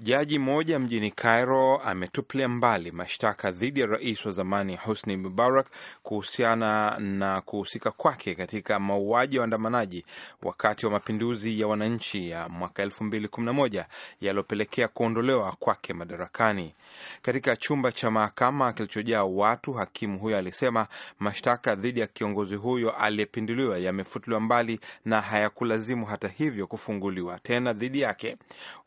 Jaji mmoja mjini Cairo ametupilia mbali mashtaka dhidi ya rais wa zamani Husni Mubarak kuhusiana na kuhusika kwake katika mauaji ya waandamanaji wakati wa mapinduzi ya wananchi ya mwaka 2011 yaliyopelekea kuondolewa kwake madarakani. Katika chumba cha mahakama kilichojaa watu, hakimu huyo alisema mashtaka dhidi ya kiongozi huyo aliyepinduliwa yamefutuliwa mbali na hayakulazimu hata hivyo kufunguliwa tena dhidi yake.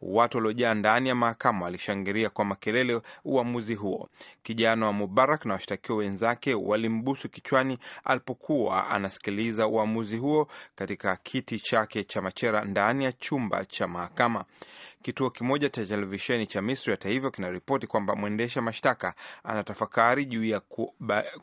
Watu waliojaa ndani ndani ya mahakama walishangilia kwa makelele uamuzi huo. Kijana wa Mubarak na washtakiwa wenzake walimbusu kichwani alipokuwa anasikiliza uamuzi huo katika kiti chake cha machera ndani ya chumba cha mahakama. Kituo kimoja cha televisheni cha Misri hata hivyo kinaripoti kwamba mwendesha mashtaka anatafakari juu ya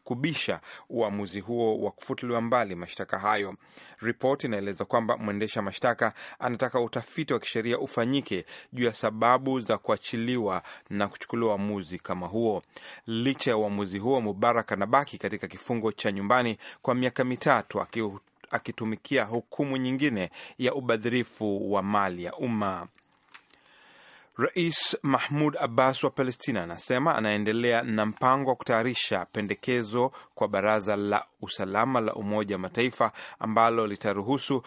kubisha uamuzi huo wa kufutiliwa mbali mashtaka hayo. Ripoti inaeleza kwamba mwendesha mashtaka anataka utafiti wa kisheria ufanyike juu ya sababu za kuachiliwa na kuchukuliwa uamuzi kama huo. Licha ya uamuzi huo, Mubarak anabaki katika kifungo cha nyumbani kwa miaka mitatu akitumikia hukumu nyingine ya ubadhirifu wa mali ya umma. Rais Mahmud Abbas wa Palestina anasema anaendelea na mpango wa kutayarisha pendekezo kwa Baraza la Usalama la Umoja wa Mataifa ambalo litaruhusu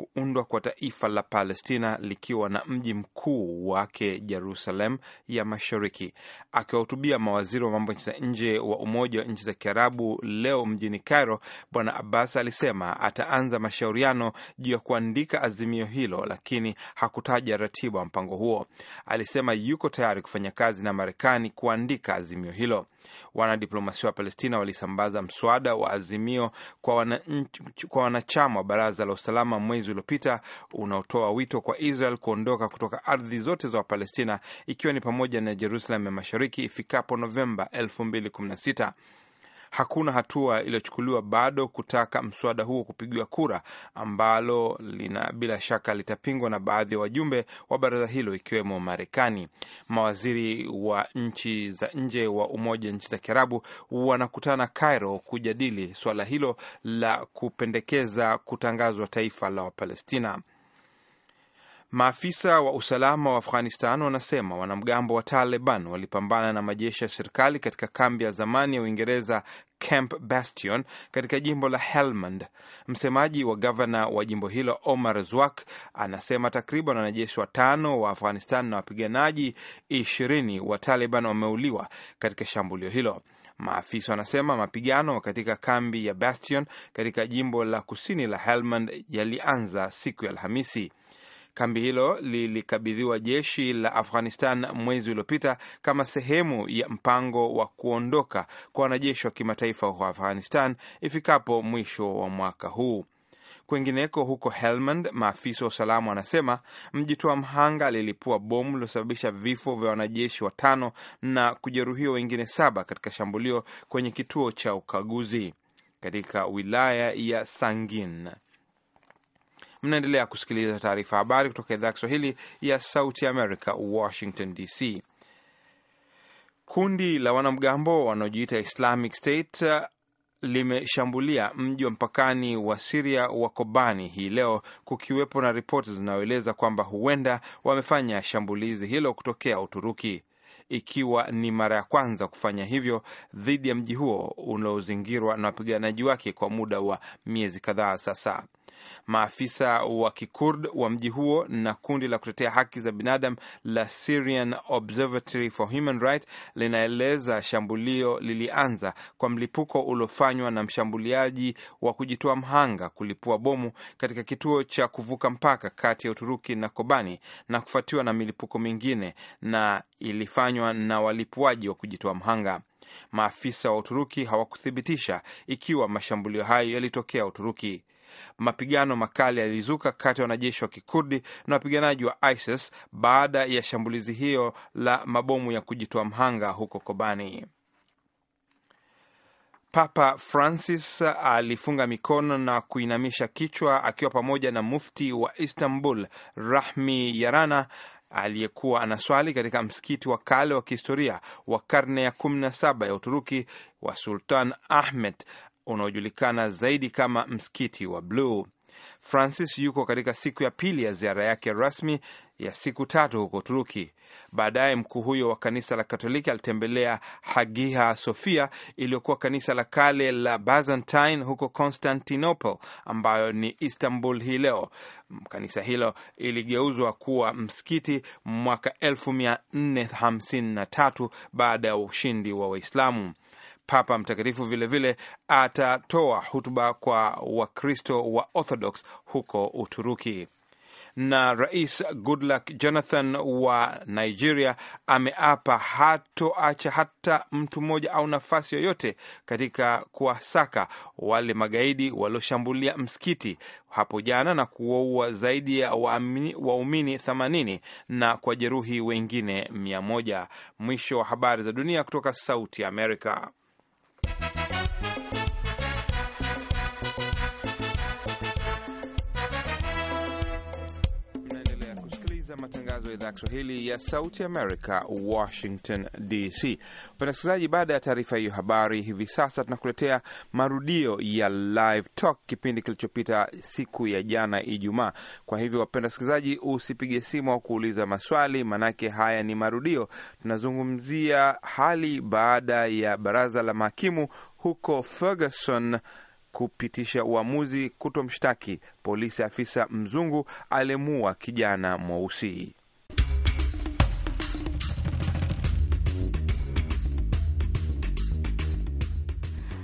kuundwa kwa taifa la Palestina likiwa na mji mkuu wake Jerusalem ya Mashariki. Akiwahutubia mawaziri wa mambo ya za nje wa Umoja wa Nchi za Kiarabu leo mjini Cairo, Bwana Abbas alisema ataanza mashauriano juu ya kuandika azimio hilo, lakini hakutaja ratiba wa mpango huo. Alisema yuko tayari kufanya kazi na Marekani kuandika azimio hilo. Wanadiplomasia wa Palestina walisambaza mswada wa azimio kwa, wana, kwa wanachama wa baraza la usalama mwezi uliopita unaotoa wito kwa Israel kuondoka kutoka ardhi zote za Wapalestina ikiwa ni pamoja na Jerusalem ya mashariki ifikapo Novemba 2016 hakuna hatua iliyochukuliwa bado kutaka mswada huo kupigiwa kura, ambalo lina bila shaka litapingwa na baadhi ya wajumbe wa baraza hilo ikiwemo Marekani. Mawaziri wa nchi za nje wa Umoja nchi za Kiarabu wanakutana Cairo kujadili swala hilo la kupendekeza kutangazwa taifa la Wapalestina. Maafisa wa usalama wa Afghanistan wanasema wanamgambo wa Taliban walipambana na majeshi ya serikali katika kambi ya zamani ya Uingereza Camp Bastion katika jimbo la Helmand. Msemaji wa gavana wa jimbo hilo Omar Zwak anasema takriban wanajeshi watano wa Afghanistan na wapiganaji ishirini wa Taliban wameuliwa katika shambulio hilo. Maafisa wanasema mapigano katika kambi ya Bastion katika jimbo la kusini la Helmand yalianza siku ya Alhamisi. Kambi hilo lilikabidhiwa jeshi la Afghanistan mwezi uliopita kama sehemu ya mpango wa kuondoka kwa wanajeshi wa kimataifa huko Afghanistan ifikapo mwisho wa mwaka huu. Kwengineko huko Helmand, maafisa wa usalama wanasema mjitoa mhanga lilipua bomu lilosababisha vifo vya wanajeshi watano na kujeruhiwa wengine saba katika shambulio kwenye kituo cha ukaguzi katika wilaya ya Sangin. Mnaendelea kusikiliza taarifa habari kutoka idhaa ya Kiswahili ya Sauti America, Washington DC. Kundi la wanamgambo wanaojiita Islamic State uh, limeshambulia mji wa mpakani wa Siria wa Kobani hii leo, kukiwepo na ripoti zinayoeleza kwamba huenda wamefanya shambulizi hilo kutokea Uturuki, ikiwa ni mara ya kwanza kufanya hivyo dhidi ya mji huo unaozingirwa na wapiganaji wake kwa muda wa miezi kadhaa sasa. Maafisa wa kikurd wa mji huo na kundi la kutetea haki za binadamu la Syrian Observatory for Human Rights linaeleza shambulio lilianza kwa mlipuko uliofanywa na mshambuliaji wa kujitoa mhanga kulipua bomu katika kituo cha kuvuka mpaka kati ya Uturuki na Kobani na kufuatiwa na milipuko mingine na ilifanywa na walipuaji wa kujitoa mhanga. Maafisa wa Uturuki hawakuthibitisha ikiwa mashambulio hayo yalitokea Uturuki. Mapigano makali yalizuka kati ya wanajeshi wa kikurdi na wapiganaji wa ISIS baada ya shambulizi hiyo la mabomu ya kujitoa mhanga huko Kobani. Papa Francis alifunga mikono na kuinamisha kichwa akiwa pamoja na mufti wa Istanbul Rahmi Yarana aliyekuwa anaswali katika msikiti wa kale wa kihistoria wa karne ya 17 ya Uturuki wa Sultan Ahmed unaojulikana zaidi kama msikiti wa Bluu. Francis yuko katika siku ya pili ya ziara yake rasmi ya siku tatu huko Turuki. Baadaye mkuu huyo wa kanisa la Katoliki alitembelea Hagia Sophia iliyokuwa kanisa la kale la Byzantine huko Constantinople, ambayo ni Istanbul hii leo. Kanisa hilo iligeuzwa kuwa msikiti mwaka 1453 baada ya ushindi wa Waislamu. Papa Mtakatifu vilevile atatoa hutuba kwa Wakristo wa Orthodox huko Uturuki na Rais Goodluck Jonathan wa Nigeria ameapa hatoacha hata mtu mmoja au nafasi yoyote katika kuwasaka wale magaidi walioshambulia msikiti hapo jana na kuwaua zaidi ya waumini 80 na kwa jeruhi wengine mia moja. Mwisho wa habari za dunia kutoka Sauti ya Amerika. kutoka idhaa ya Kiswahili ya Sauti Amerika, Washington DC. Upenda skilizaji, baada ya taarifa hiyo habari, hivi sasa tunakuletea marudio ya Live Talk, kipindi kilichopita siku ya jana Ijumaa. Kwa hivyo, wapenda skilizaji, usipige simu au kuuliza maswali, manake haya ni marudio. Tunazungumzia hali baada ya baraza la mahakimu huko Ferguson kupitisha uamuzi kutomshtaki polisi afisa mzungu aliyemuua kijana mweusi.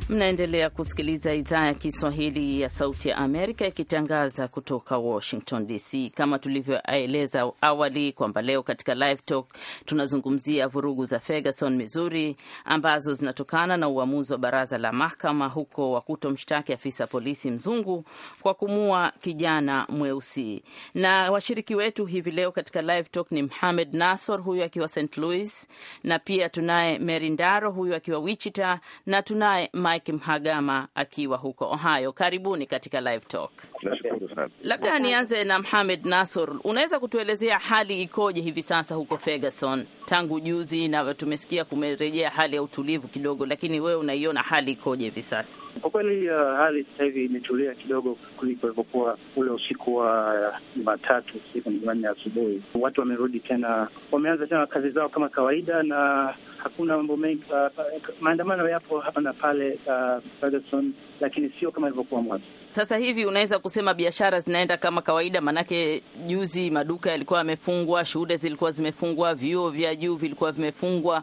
Mnaendelea kusikiliza idhaa ya Kiswahili ya Sauti ya Amerika ikitangaza kutoka Washington DC. Kama tulivyoeleza awali kwamba leo katika Live Talk tunazungumzia vurugu za Ferguson, Missouri, ambazo zinatokana na uamuzi wa baraza la mahakama huko wa kutomshtaki afisa polisi mzungu kwa kumua kijana mweusi. Na washiriki wetu hivi leo katika Live Talk ni Mhamed Nasor, huyu akiwa St Louis, na pia tunaye Merindaro, huyu akiwa Wichita, na tunaye Mike Mhagama akiwa huko Ohio. Karibuni katika Live Talk. Nashukuru sana. Labda nianze na Mohamed Nasor, unaweza kutuelezea hali ikoje hivi sasa huko Ferguson tangu juzi, na tumesikia kumerejea hali ya utulivu kidogo, lakini wewe unaiona hali ikoje hivi sasa? Kwa kweli, uh, hali sasa hivi imetulia kidogo kuliko ilivyokuwa ule usiku wa uh, Jumatatu siku Jumanne asubuhi. Watu wamerudi tena, wameanza tena kazi zao kama kawaida na hakuna mambo mengi. Uh, maandamano yapo hapa na pale uh, Ferguson, lakini sio kama ilivyokuwa mwanzo. Sasa hivi unaweza kusema biashara zinaenda kama kawaida, manake juzi maduka yalikuwa yamefungwa, shule zilikuwa zimefungwa, vyuo vya juu vilikuwa vimefungwa,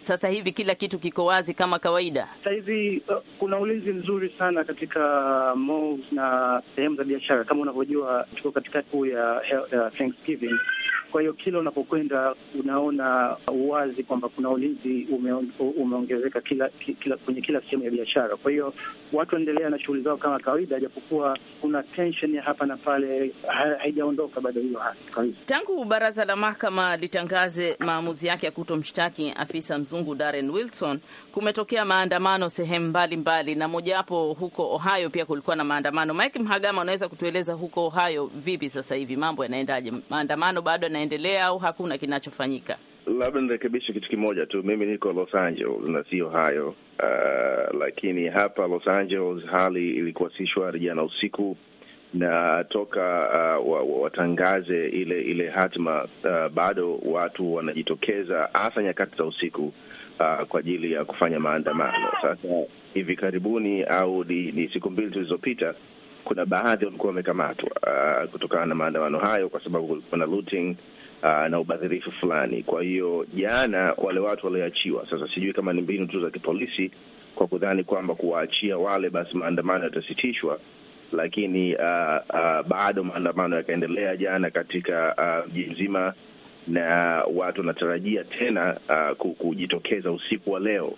sasa hivi kila kitu kiko wazi kama kawaida. Sasa hivi uh, kuna ulinzi mzuri sana katika uh, malls na sehemu za biashara. Kama unavyojua, tuko katika kuu ya, Thanksgiving kwa hiyo kila unapokwenda unaona uwazi kwamba kuna ulinzi umeongezeka kila, kila, kwenye kila sehemu ya biashara. Kwa hiyo watu waendelea na shughuli zao kama kawaida, japokuwa kuna tension ya hapa na pale, haijaondoka bado hiyo hasa tangu baraza la mahakama litangaze maamuzi yake ya kutomshtaki afisa afisa mzungu Darren Wilson, kumetokea maandamano sehemu mbalimbali, na mojawapo huko Ohio pia kulikuwa na maandamano. Mike Mhagama, unaweza kutueleza huko Ohio vipi sasa hivi mambo yanaendaje? Maandamano bado yanaendelea au hakuna kinachofanyika? Labda nirekebishe kitu kimoja tu, mimi niko Los Angeles na si Ohio. Uh, lakini hapa Los Angeles hali ilikuwa si shwari jana usiku na toka uh, watangaze ile ile hatima uh, bado watu wanajitokeza hasa nyakati za usiku uh, kwa ajili ya kufanya maandamano. Sasa hivi karibuni au ni, ni siku mbili tulizopita, kuna baadhi walikuwa wamekamatwa uh, kutokana na maandamano hayo, kwa sababu kulikuwa na looting uh, na ubadhirifu fulani. Kwa hiyo jana wale watu walioachiwa, sasa sijui kama ni mbinu tu za kipolisi kwa kudhani kwamba kuwaachia wale basi maandamano yatasitishwa lakini uh, uh, bado maandamano yakaendelea jana katika uh, mji uh, mzima, na watu wanatarajia tena uh, kujitokeza usiku wa leo.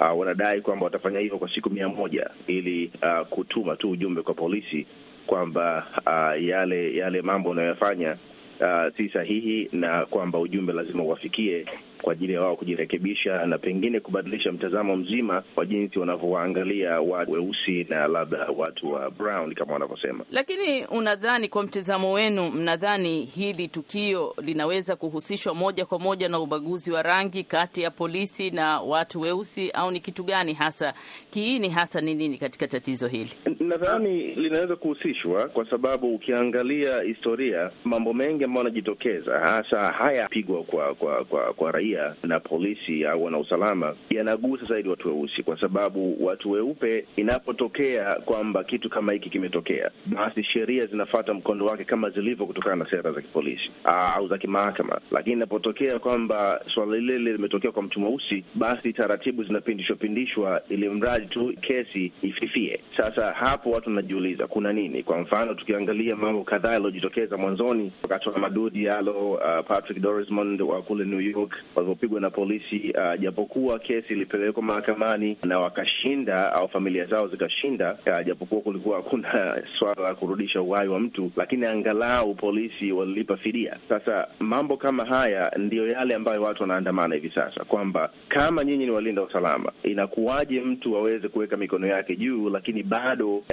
Uh, wanadai kwamba watafanya hivyo kwa siku mia moja ili uh, kutuma tu ujumbe kwa polisi kwamba uh, yale yale mambo wanayoyafanya uh, si sahihi na kwamba ujumbe lazima uwafikie kwa ajili ya wao kujirekebisha na pengine kubadilisha mtazamo mzima wa jinsi wanavyowaangalia watu weusi na labda watu wa brown kama wanavyosema. Lakini unadhani, kwa mtazamo wenu, mnadhani hili tukio linaweza kuhusishwa moja kwa moja na ubaguzi wa rangi kati ya polisi na watu weusi, au ni kitu gani hasa, kiini hasa ni nini katika tatizo hili? Nadhani linaweza kuhusishwa kwa sababu ukiangalia historia, mambo mengi ambayo yanajitokeza, hasa haya pigwa kwa, kwa kwa kwa raia na polisi au wana usalama, yanagusa zaidi watu weusi, kwa sababu watu weupe, inapotokea kwamba kitu kama hiki kimetokea, basi sheria zinafata mkondo wake kama zilivyo, kutokana na sera za kipolisi au za kimahakama. Lakini inapotokea kwamba swala lile limetokea kwa mtu mweusi, basi taratibu zinapindishwa pindishwa, ili mradi tu kesi ififie. Sasa hapo watu wanajiuliza kuna nini. Kwa mfano, tukiangalia mambo kadhaa yaliyojitokeza mwanzoni, wakati wa Mamadou Diallo, uh, Patrick Dorismond wa kule New York walivyopigwa na polisi, uh, japokuwa kesi ilipelekwa mahakamani na wakashinda au familia zao zikashinda, uh, japokuwa kulikuwa hakuna swala la kurudisha uhai wa mtu, lakini angalau polisi walilipa fidia. Sasa mambo kama haya ndiyo yale ambayo watu wanaandamana hivi sasa, kwamba kama nyinyi ni walinda usalama, inakuwaje mtu aweze kuweka mikono yake juu, lakini bado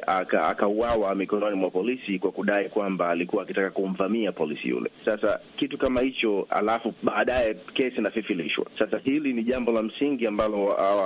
akauawa mikononi mwa polisi kwa kudai kwamba alikuwa akitaka kumvamia polisi yule. Sasa kitu kama hicho, alafu baadaye kesi inafifilishwa. Sasa hili ni jambo la msingi ambalo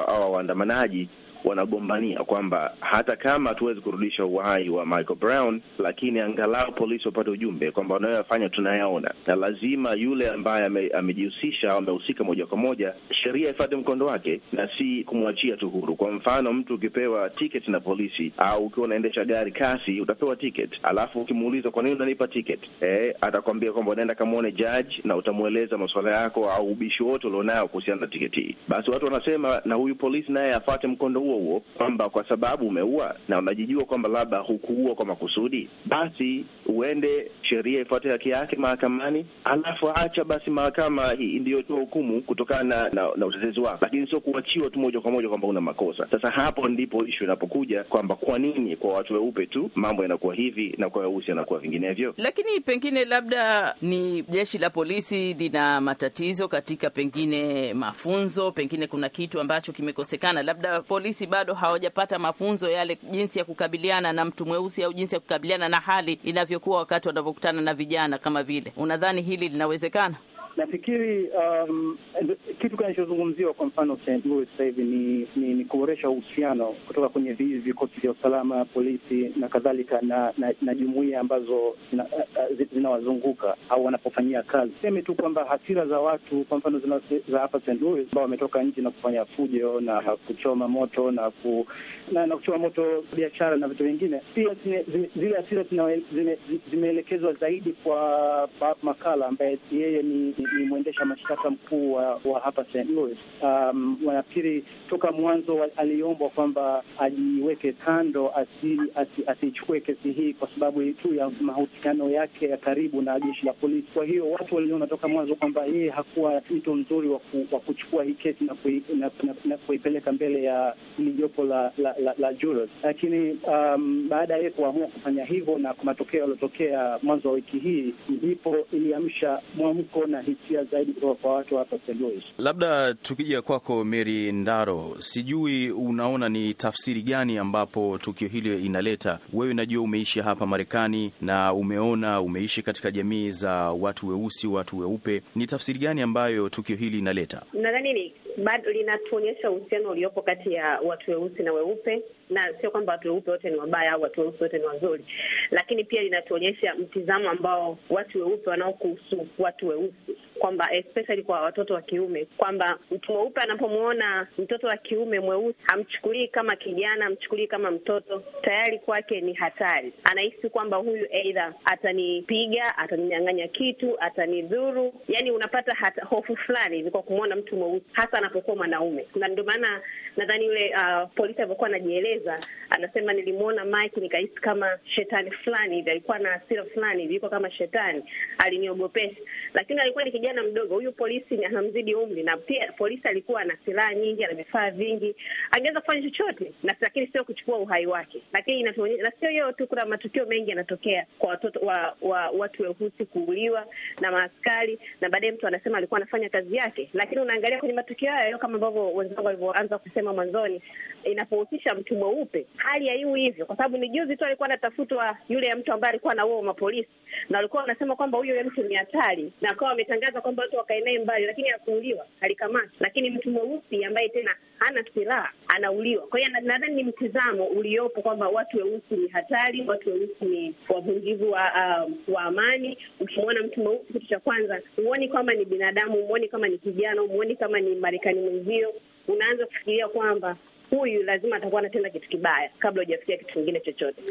hawa waandamanaji wanagombania kwamba hata kama hatuwezi kurudisha uhai wa Michael Brown, lakini angalau polisi wapate ujumbe kwamba wanayoyafanya tunayaona, na lazima yule ambaye amejihusisha au amehusika moja kwa moja, sheria ifate mkondo wake na si kumwachia tu huru. Kwa mfano, mtu ukipewa tiketi na polisi au ukiwa unaendesha gari kasi, utapewa tiketi, alafu ukimuuliza kwa nini unanipa tiketi, eh, atakwambia kwamba unaenda kamwone jaji na utamweleza masuala yako au ubishi wote ulionao kuhusiana na tiketi hii. Basi watu wanasema na huyu polisi naye afate mkondo huo huo huo kwamba kwa sababu umeua na unajijua kwamba labda hukuua kwa makusudi, basi uende sheria ifuate haki yake mahakamani, alafu acha basi mahakama hii ndiyotoa hukumu kutokana na, na, na utetezi wako, lakini sio kuachiwa tu moja kwa moja kwamba una makosa. Sasa hapo ndipo ishu inapokuja kwamba kwa nini kwa watu weupe tu mambo yanakuwa hivi na kwa weusi yanakuwa vinginevyo. Lakini pengine labda ni jeshi la polisi lina matatizo katika pengine mafunzo, pengine kuna kitu ambacho kimekosekana, labda polisi weusi bado hawajapata mafunzo yale jinsi ya kukabiliana na mtu mweusi au jinsi ya kukabiliana na hali inavyokuwa wakati wanavyokutana na vijana kama vile. Unadhani hili linawezekana? Nafikiri um, kitu kinachozungumziwa kwa mfano St. Louis sasa hivi ni, ni, ni kuboresha uhusiano kutoka kwenye vikosi vya usalama, polisi na kadhalika na, na, na jumuia ambazo uh, uh, zinawazunguka au wanapofanyia kazi. Seme tu kwamba hasira za watu kwa mfano za hapa St. Louis ambao wametoka nje na kufanya fujo na kuchoma moto na, ku, na, na kuchoma moto biashara na vitu vingine, pia zile hasira zimeelekezwa zaidi kwa Bob Makala ambaye yeye ni ni mwendesha mashtaka mkuu wa, wa hapa St Louis. Um, wanafikiri toka mwanzo aliombwa kwamba ajiweke kando, asichukue asi, asi kesi hii kwa sababu tu ya mahusiano yake ya karibu na jeshi la polisi. Kwa hiyo watu waliona toka mwanzo kwamba yeye hakuwa mtu mzuri wa kuchukua hii kesi na, kui, na, na, na kuipeleka mbele ya hili jopo la, la, la, la jurors, lakini um, baada ya yeye kuamua kufanya hivyo na kwa matokeo yaliyotokea mwanzo wa wiki hii ndipo iliamsha mwamko na hii hisia zaidi kutoka kwa watu hapa St. Louis. Labda tukija kwako Mary Ndaro, sijui unaona ni tafsiri gani ambapo tukio hili inaleta. Wewe najua umeishi hapa Marekani na umeona, umeishi katika jamii za watu weusi, watu weupe, ni tafsiri gani ambayo tukio hili inaleta? Nadhani ni bado linatuonyesha uhusiano uliopo kati ya watu weusi na weupe, na sio kwamba watu weupe wote ni wabaya au watu weusi wote ni wazuri, lakini pia linatuonyesha mtizamo ambao watu weupe wanaokuhusu watu weusi, kwamba especially kwa watoto wa kiume, kwamba mtu mweupe anapomwona mtoto wa kiume mweusi hamchukulii kama kijana, hamchukulii kama mtoto, tayari kwake ni hatari. Anahisi kwamba huyu eidha atanipiga, ataninyang'anya kitu, atanidhuru, yani unapata hata hofu fulani hivi kwa kumwona mtu mweusi hasa anapokuwa mwanaume, na ndio maana nadhani yule uh, polisi alivyokuwa anajieleza, anasema nilimwona Mike nikahisi kama shetani fulani hivi, alikuwa na hasira fulani hivi, yuko kama shetani, aliniogopesha. Lakini alikuwa ni kijana mdogo, huyu polisi anamzidi umri, na pia polisi alikuwa ana silaha nyingi, ana vifaa vingi, angeweza kufanya chochote, lakini sio kuchukua uhai wake. Lakini inatuonyesha, na sio hiyo tu, kuna matukio mengi yanatokea kwa watoto wa, wa watu weusi kuuliwa na maaskari, na baadaye mtu anasema alikuwa anafanya kazi yake, lakini unaangalia kwenye matukio hayo, kama ambavyo wenzangu walivyoanza kusema mwanzoni, inapohusisha mtu mweupe hali haiwi hivyo, kwa sababu ni juzi tu alikuwa anatafutwa yule mtu ambaye alikuwa na uo mapolisi, na walikuwa wanasema kwamba huyo mtu ni hatari, na akawa wametangaza kwamba watu wakae naye mbali, lakini akuuliwa, alikamata. Lakini mtu mweusi ambaye tena hana silaha anauliwa. Kwa hiyo nadhani ni mtizamo uliopo kwamba watu weusi ni hatari, watu weusi ni wavunjivu wa, uh, wa amani. Ukimwona mtu mweusi, kitu cha kwanza huoni kama ni binadamu, huoni kama ni kijana, huoni kama ni Marekani mwenzio, unaanza kufikiria kwamba huyu lazima atakuwa anatenda kitu kibaya kabla hujafikia kitu kingine chochote.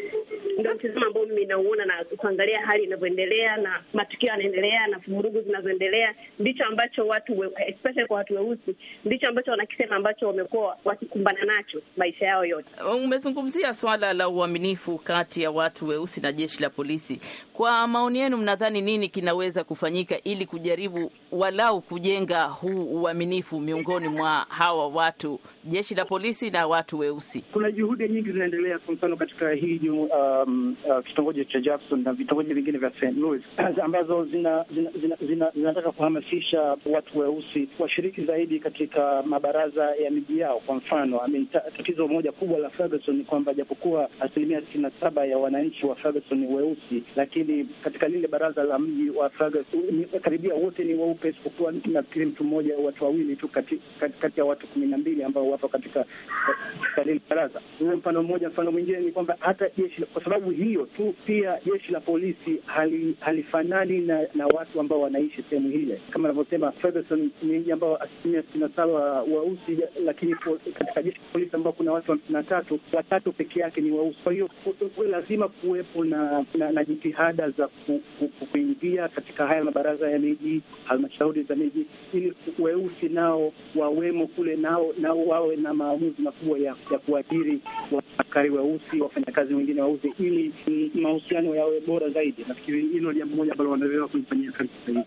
Ndio mtizamo ambao mimi nauona, na kuangalia hali inavyoendelea na matukio yanaendelea na vurugu zinazoendelea, ndicho ambacho watu especially kwa watu weusi, ndicho ambacho wanakisema, ambacho wamekuwa wakikumbana nacho maisha yao yote. Umezungumzia swala la uaminifu kati ya watu weusi na jeshi la polisi. Kwa maoni yenu, mnadhani nini kinaweza kufanyika ili kujaribu walau kujenga huu uaminifu miongoni mwa hawa watu, jeshi la polisi weusi na watu weusi. Kuna juhudi nyingi zinaendelea, kwa mfano katika hii um, uh, kitongoji cha Jackson na vitongoji vingine vya St. Louis ambazo zinataka zina, zina, zina, zina kuhamasisha watu weusi washiriki zaidi katika mabaraza ya miji yao. Kwa mfano I mean, tatizo moja kubwa la Ferguson ni kwamba japokuwa asilimia sitini na saba ya wananchi wa Ferguson ni weusi, lakini katika lile baraza la mji wa Ferguson karibia wote ni weupe isipokuwa nafikiri mtu mmoja watu wawili tu kati, kati, kati ya watu kumi na mbili ambao wapo katika salil baraza. Huo mfano mmoja. Mfano mwingine ni kwamba hata jeshi, kwa sababu hiyo tu, pia jeshi la polisi hali, halifanani na, na watu ambao wanaishi sehemu ile, kama anavyosema Ferguson ni mji ambao asilimia sitini na saba weusi, lakini katika jeshi la polisi ambao kuna watu hamsini na tatu watatu peke yake ni weusi. Kwa hiyo lazima kuwepo na, na, na jitihada za kuingia katika haya mabaraza ya miji, halmashauri za miji, ili weusi nao wawemo kule, nao nao wawe na maamuzi makubwa ya, ya kuajiri waafakari weusi, wafanyakazi wengine weusi, ili mahusiano yawe bora zaidi. Nafikiri hilo jambo moja ambalo wanaweza kulifanyia kazi zaidi.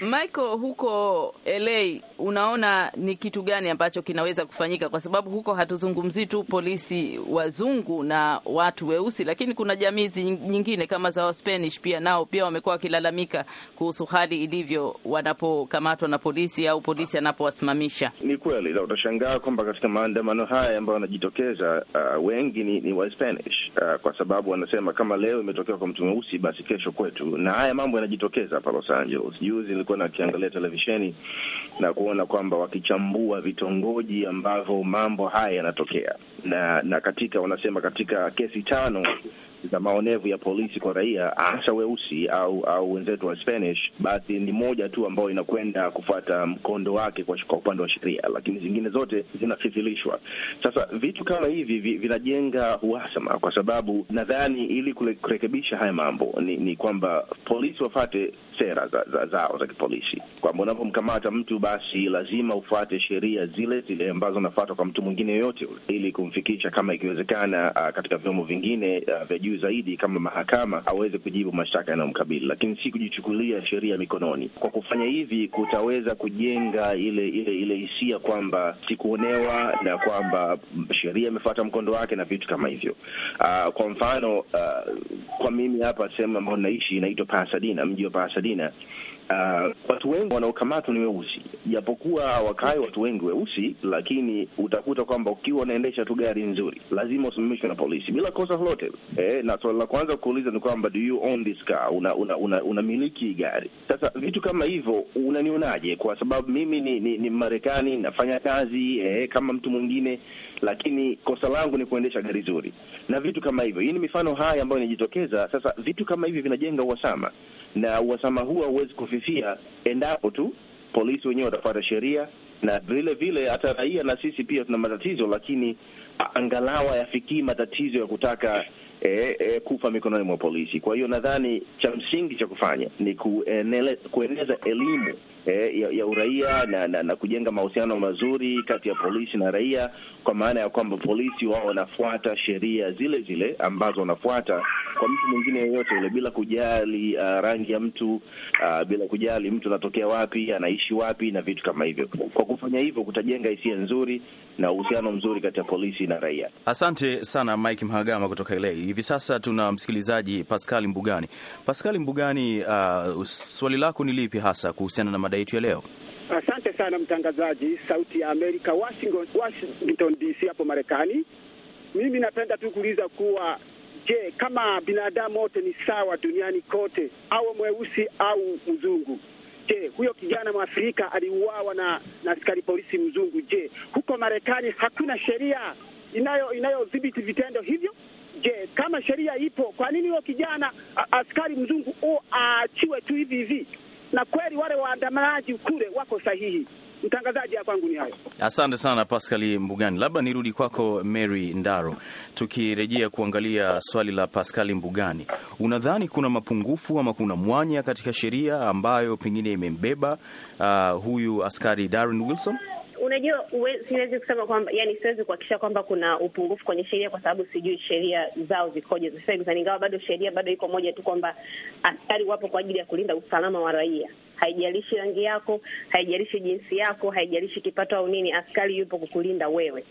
Michael, huko LA unaona ni kitu gani ambacho kinaweza kufanyika? Kwa sababu huko hatuzungumzii tu polisi wazungu na watu weusi, lakini kuna jamii nyingine kama za Waspanish pia nao pia wamekuwa wakilalamika kuhusu hali ilivyo wanapokamatwa na polisi au polisi anapowasimamisha. Ni kweli na utashangaa kwamba katika maandamano haya ambayo wanajitokeza uh, wengi ni, ni Spanish, uh, kwa sababu wanasema kama leo imetokea kwa mtu mweusi, basi kesho kwetu, na haya mambo yanajitokeza hapa Los Angeles. Juzi nilikuwa nakiangalia televisheni na kuona kwamba wakichambua vitongoji ambavyo mambo haya yanatokea na na katika wanasema katika kesi tano za maonevu ya polisi kwa raia, hasa weusi au au wenzetu wa Spanish, basi ni moja tu ambayo inakwenda kufuata mkondo wake kwa, upande wa sheria, lakini zingine zote zinafifilishwa. Sasa vitu kama hivi vinajenga uhasama, kwa sababu nadhani ili kurekebisha haya mambo ni, ni kwamba polisi wafate sera za, za, zao za kipolisi, kwamba unapomkamata mtu basi lazima ufuate sheria zile zile ambazo unafuata kwa mtu mwingine yoyote, ili kumfikisha kama ikiwezekana, ah, katika vyombo vingine ah, vya juu zaidi kama mahakama aweze kujibu mashtaka yanayomkabili, lakini si kujichukulia sheria mikononi. Kwa kufanya hivi kutaweza kujenga ile ile ile hisia kwamba sikuonewa na kwamba sheria imefuata mkondo wake na vitu kama hivyo. Uh, kwa mfano uh, kwa mimi hapa sehemu ambayo naishi inaitwa Pasadena, mji wa Pasadena Uh, watu wengi wanaokamatwa ni weusi, japokuwa wakae watu wengi weusi, lakini utakuta kwamba ukiwa unaendesha tu gari nzuri lazima usimamishwe na polisi bila kosa lolote. Eh, na swali la kwanza kuuliza ni kwamba do you own this car, unamiliki una, una, una gari. Sasa vitu kama hivyo unanionaje? Kwa sababu mimi ni, ni, ni Marekani, nafanya kazi eh, kama mtu mwingine, lakini kosa langu ni kuendesha gari zuri na vitu kama hivyo. Hii ni mifano haya ambayo inajitokeza. Sasa vitu kama hivi vinajenga uhasama na uhasama huo hauwezi kufifia endapo tu polisi wenyewe watafuata sheria, na vile vile hata raia na sisi pia tuna matatizo, lakini angalau hayafikii matatizo ya kutaka E, e, kufa mikononi mwa polisi. Kwa hiyo nadhani cha msingi cha kufanya ni kuenele, kueneza elimu eh, ya, ya uraia na, na, na kujenga mahusiano mazuri kati ya polisi na raia, kwa maana ya kwamba polisi wao wanafuata sheria zile zile ambazo wanafuata kwa mtu mwingine yeyote yule, bila kujali uh, rangi ya mtu uh, bila kujali mtu anatokea wapi, anaishi wapi na vitu kama hivyo. Kwa kufanya hivyo kutajenga hisia nzuri na uhusiano mzuri kati ya polisi na raia. Asante sana Mike Mhagama kutoka LA. Hivi sasa tuna msikilizaji Pascal Mbugani. Pascal Mbugani, uh, swali lako ni lipi hasa kuhusiana na mada yetu ya leo. Asante sana mtangazaji, Sauti ya Amerika, Washington, Washington DC, hapo Marekani. Mimi napenda tu kuuliza kuwa je, kama binadamu wote ni sawa duniani kote, awe mweusi au mzungu, je, huyo kijana mwafrika aliuawa na, na askari polisi mzungu, je, huko Marekani hakuna sheria inayo inayodhibiti vitendo hivyo? Je, kama sheria ipo, kwa nini huyo kijana askari mzungu o aachiwe tu hivi hivi? na kweli wale waandamanaji kule wako sahihi. Mtangazaji, ya kwangu ni hayo. Asante sana paskali Mbugani. Labda nirudi kwako Mary Ndaro, tukirejea kuangalia swali la paskali Mbugani, unadhani kuna mapungufu ama kuna mwanya katika sheria ambayo pengine imembeba uh, huyu askari Darren Wilson? unajua uwe, siwezi kusema kwamba yani, siwezi kuhakikisha kwamba kuna upungufu kwenye sheria, kwa sababu sijui sheria zao zikoje sasa ingawa bado sheria bado iko moja tu kwamba askari wapo kwa ajili ya kulinda usalama wa raia haijalishi rangi yako, haijalishi jinsi yako, haijalishi kipato au nini, askari yupo kukulinda wewe.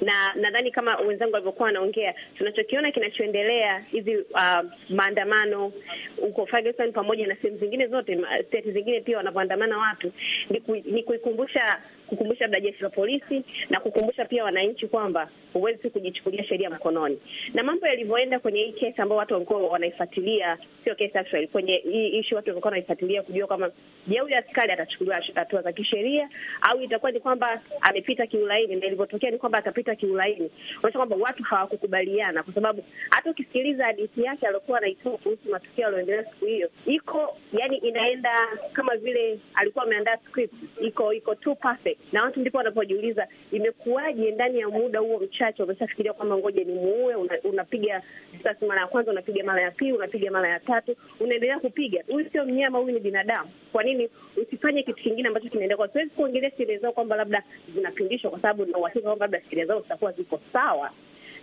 Na nadhani kama wenzangu walivyokuwa wanaongea, tunachokiona kinachoendelea hizi uh, maandamano huko Ferguson pamoja na sehemu zingine zote, state zingine pia wanavyoandamana watu ni, ku, ni kuikumbusha kukumbusha labda jeshi la polisi na kukumbusha pia wananchi kwamba huwezi kujichukulia sheria mkononi. Na mambo yalivyoenda kwenye hii kesi ambayo watu walikuwa wanaifuatilia, sio kesi actually, kwenye hii issue watu walikuwa wanaifuatilia kujua kama Je, huyu askari atachukuliwa hatua za kisheria au itakuwa ni kwamba amepita kiulaini? Na ilivyotokea ni kwamba atapita kiulaini. Unaona kwamba watu hawakukubaliana, kwa sababu hata ukisikiliza hadithi yake aliyokuwa anaitoa kuhusu matukio yaliyoendelea siku hiyo, iko yani, inaenda kama vile alikuwa ameandaa script, iko iko too perfect, na watu ndipo wanapojiuliza imekuwaje ndani ya muda huo mchache wameshafikiria kwamba ngoja ni muue. Unapiga sasa mara ya kwanza, unapiga mara ya pili, unapiga mara ya tatu, unaendelea kupiga. Huyu sio mnyama, huyu ni binadamu kwa nini usifanye kitu kingine ambacho kinaenda Siwezi kuongelea sheria zao kwamba labda zinapindishwa, kwa sababu na uhakika kwamba labda sheria zao zitakuwa ziko sawa.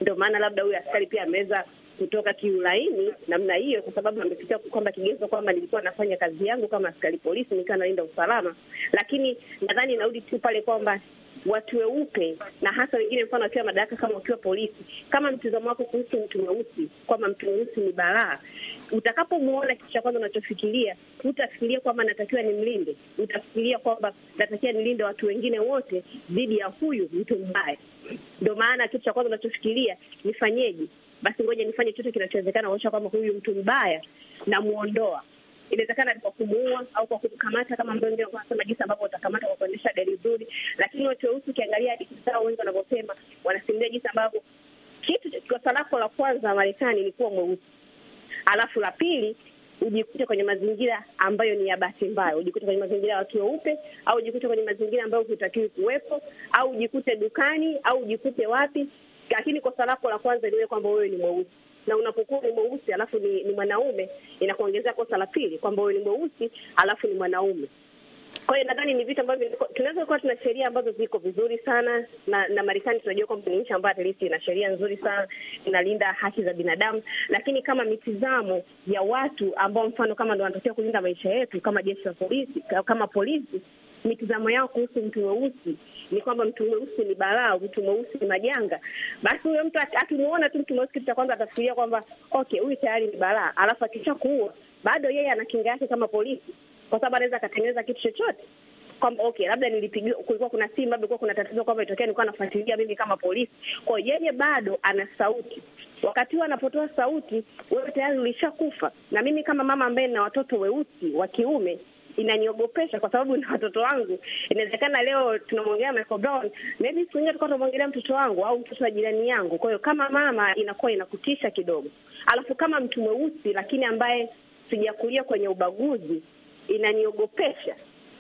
Ndio maana labda huyu askari pia ameweza kutoka kiulaini namna hiyo, kwa sababu amepitia kwamba kigezo kwamba nilikuwa nafanya kazi yangu kama askari polisi, nikiwa nalinda usalama, lakini nadhani narudi tu pale kwamba watu weupe na hasa wengine, mfano akiwa madaraka kama ukiwa polisi, kama mtizamo wako kuhusu mtu mweusi kwamba mtu mweusi ni balaa, utakapomwona kitu cha kwanza unachofikiria hutafikiria kwamba natakiwa ni mlinde utafikiria kwamba natakiwa nilinde watu wengine wote dhidi ya huyu mtu mbaya. Ndo maana kitu cha kwanza unachofikiria nifanyeje? Basi ngoja nifanye chote kinachowezekana kuonyesha kwamba huyu mtu mbaya namwondoa inawezekana kwa kumuua au kwa kumkamata, kama ambavyo wengine wanasema jinsi ambavyo watakamata kwa kuendesha gari zuri. Lakini watu weusi ukiangalia hadithi zao wengi wanavyosema, wanasimulia jinsi ambavyo kitu kosa lako la kwanza Marekani ni kuwa mweusi, alafu la pili ujikute kwenye mazingira ambayo ni ya bahati mbaya, ujikute kwenye mazingira ya watu weupe, au ujikute kwenye mazingira ambayo hutakiwi kuwepo, au ujikute dukani, au ujikute wapi, lakini kosa lako la kwanza liwe kwamba wewe ni mweusi na unapokuwa ni mweusi alafu ni, ni mwanaume inakuongezea kosa la pili kwamba wewe ni mweusi alafu ni mwanaume. Kwa hiyo nadhani ni vitu ambavyo tunaweza kuwa tuna sheria ambazo ziko vizuri sana, na na Marekani tunajua kwamba ni nchi ambayo at least ina sheria nzuri sana, inalinda haki za binadamu, lakini kama mitizamo ya watu ambao mfano kama ndio wanatokea kulinda maisha yetu, kama jeshi la polisi, kama polisi mitizamo yao kuhusu mtu mweusi ni kwamba mtu mweusi ni balaa, mtu mweusi ni majanga, basi huyo mtu akimuona tu mtu mweusi, kitu cha kwanza atafikiria kwamba okay, huyu tayari ni balaa, alafu akisha kuua bado yeye ana kinga yake kama polisi, kwa sababu anaweza akatengeneza kitu chochote kwamba okay, labda nilipigiwa, kulikuwa kuna simu, labda kulikuwa kuna tatizo kwamba itokea, nilikuwa nafuatilia mimi kama polisi. Kwa hiyo yeye bado ana sauti. Wakati huo anapotoa sauti, wewe tayari ulishakufa. Na mimi kama mama ambaye nina watoto weusi wa kiume inaniogopesha kwa sababu na watoto wangu. Inawezekana leo tunamwongelea Michael Brown, maybe siku nyingine tutakuwa tunamwongelea mtoto wangu au mtoto wa jirani yangu. Kwa hiyo kama mama, inakuwa inakutisha kidogo, alafu kama mtu mweusi lakini ambaye sijakulia kwenye ubaguzi, inaniogopesha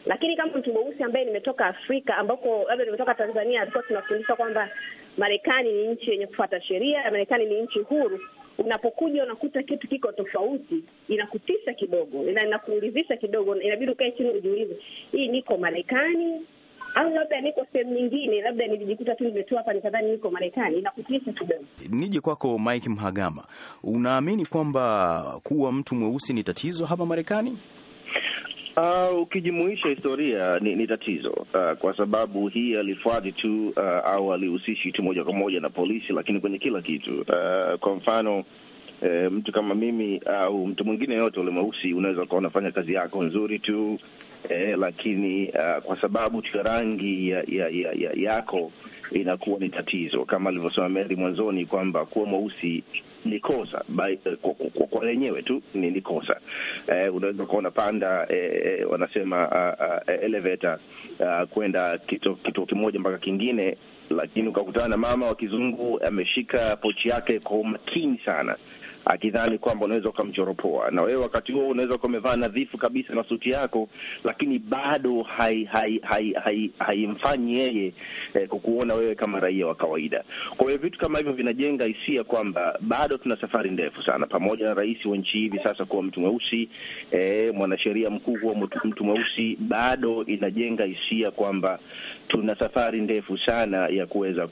lakini kama mtu mweusi ambaye nimetoka Afrika ambako labda nimetoka Tanzania, alikuwa tunafundishwa kwamba Marekani ni nchi yenye kufuata sheria, Marekani ni nchi huru unapokuja unakuta kitu kiko tofauti, inakutisha kidogo, inakuulizisha kidogo, inabidi ukae chini ujiulize, hii niko Marekani au labda niko sehemu nyingine, labda nilijikuta tu nimetua hapa nikadhani niko Marekani, inakutisha kidogo. Nije kwako Mike Mhagama, unaamini kwamba kuwa mtu mweusi ni tatizo hapa Marekani? Uh, ukijumuisha historia ni, ni tatizo uh, kwa sababu hii alifuati tu uh, au alihusishi tu moja kwa moja na polisi, lakini kwenye kila kitu uh, kwa mfano uh, mtu kama mimi au uh, mtu mwingine yote ule mweusi unaweza ukawa unafanya kazi yako nzuri tu uh, lakini uh, kwa sababu tu rangi ya, ya, ya, ya, yako inakuwa ni tatizo, kama alivyosema meri mwanzoni kwamba kuwa mweusi ni kosa eh, kwa lenyewe tu ni, ni kosa eh. Unaweza ukawa panda eh, eh wanasema uh, uh, elevator uh, kwenda kituo kitu kimoja mpaka kingine, lakini ukakutana na mama wa kizungu ameshika pochi yake kwa umakini sana akidhani kwamba unaweza ukamchoropoa. Na wewe wakati huo unaweza ukawa umevaa nadhifu kabisa na suti yako, lakini bado haimfanyi hai, hai, hai, hai yeye eh, kukuona wewe kama raia wa kawaida. Kwa hiyo vitu kama hivyo vinajenga hisia kwamba bado tuna safari ndefu sana, pamoja na rais wa nchi hivi sasa kuwa mtu mweusi eh, mwanasheria mkuu kuwa mtu mweusi, bado inajenga hisia kwamba tuna safari ndefu sana ya kuweza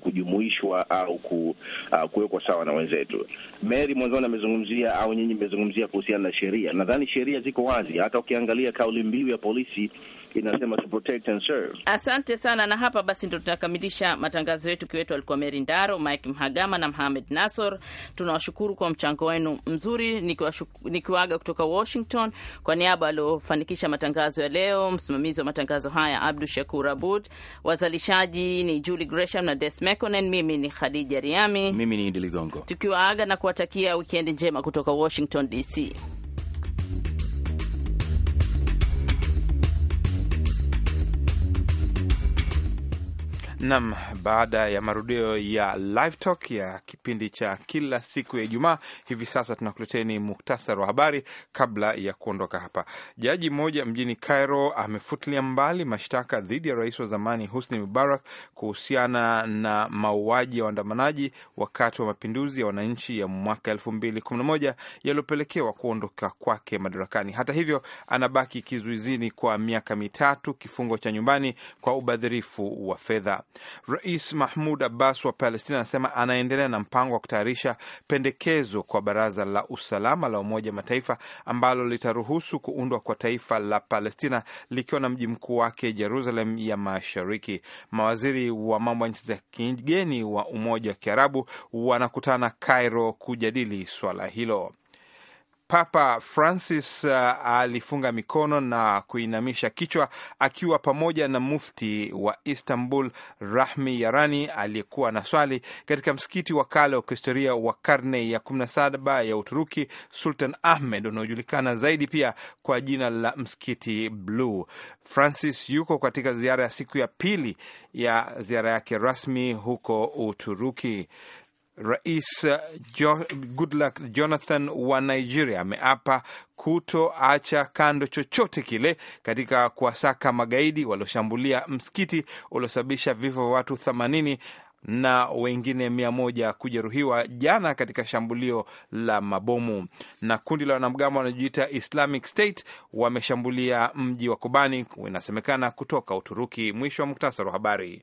kujumuishwa au ah, kuwekwa sawa na wenzetu. Mary mwanzoni amezungumzia au nyinyi mmezungumzia kuhusiana na sheria. Nadhani sheria ziko wazi, hata ukiangalia kauli mbiu ya polisi inasema to protect and serve. Asante sana, na hapa basi ndo tunakamilisha matangazo yetu. Kiwetu alikuwa Meri Ndaro, Mike Mhagama na Mohamed Nasor. Tunawashukuru kwa mchango wenu mzuri, nikiwaaga kutoka Washington kwa niaba aliofanikisha matangazo ya leo, msimamizi wa matangazo haya Abdu Shakur Abud, wazalishaji ni Julie Gresham na Des Mekonen, mimi ni Khadija Riami, mimi ni Idi Ligongo, tukiwaaga na kuwatakia wikendi njema kutoka Washington DC. Nam, baada ya marudio ya Live Talk ya kipindi cha kila siku ya Ijumaa, hivi sasa tunakuleteni muktasari wa habari kabla ya kuondoka hapa. Jaji mmoja mjini Cairo amefutilia mbali mashtaka dhidi ya rais wa zamani Husni Mubarak kuhusiana na mauaji ya waandamanaji wakati wa mapinduzi ya wananchi ya mwaka moja yaliyopelekewa kuondoka kwake madarakani. Hata hivyo, anabaki kizuizini kwa miaka mitatu, kifungo cha nyumbani kwa ubadhirifu wa fedha. Rais Mahmud Abbas wa Palestina anasema anaendelea na mpango wa kutayarisha pendekezo kwa Baraza la Usalama la Umoja Mataifa ambalo litaruhusu kuundwa kwa taifa la Palestina likiwa na mji mkuu wake Jerusalem ya Mashariki. Mawaziri wa mambo ya nchi za kigeni wa Umoja wa Kiarabu wanakutana Cairo kujadili swala hilo. Papa Francis uh, alifunga mikono na kuinamisha kichwa akiwa pamoja na mufti wa Istanbul Rahmi Yarani aliyekuwa na swali katika msikiti wa kale wa kihistoria wa karne ya 17 ya Uturuki Sultan Ahmed unaojulikana zaidi pia kwa jina la msikiti bluu Francis yuko katika ziara ya siku ya pili ya ziara yake rasmi huko Uturuki. Rais jo, Goodluck Jonathan wa Nigeria ameapa kutoacha kando chochote kile katika kuwasaka magaidi walioshambulia msikiti uliosababisha vifo vya watu 80 na wengine mia moja kujeruhiwa jana katika shambulio la mabomu. Na kundi la wanamgambo wanaojiita Islamic State wameshambulia mji wa Kobani, inasemekana kutoka Uturuki. Mwisho wa muktasari wa habari.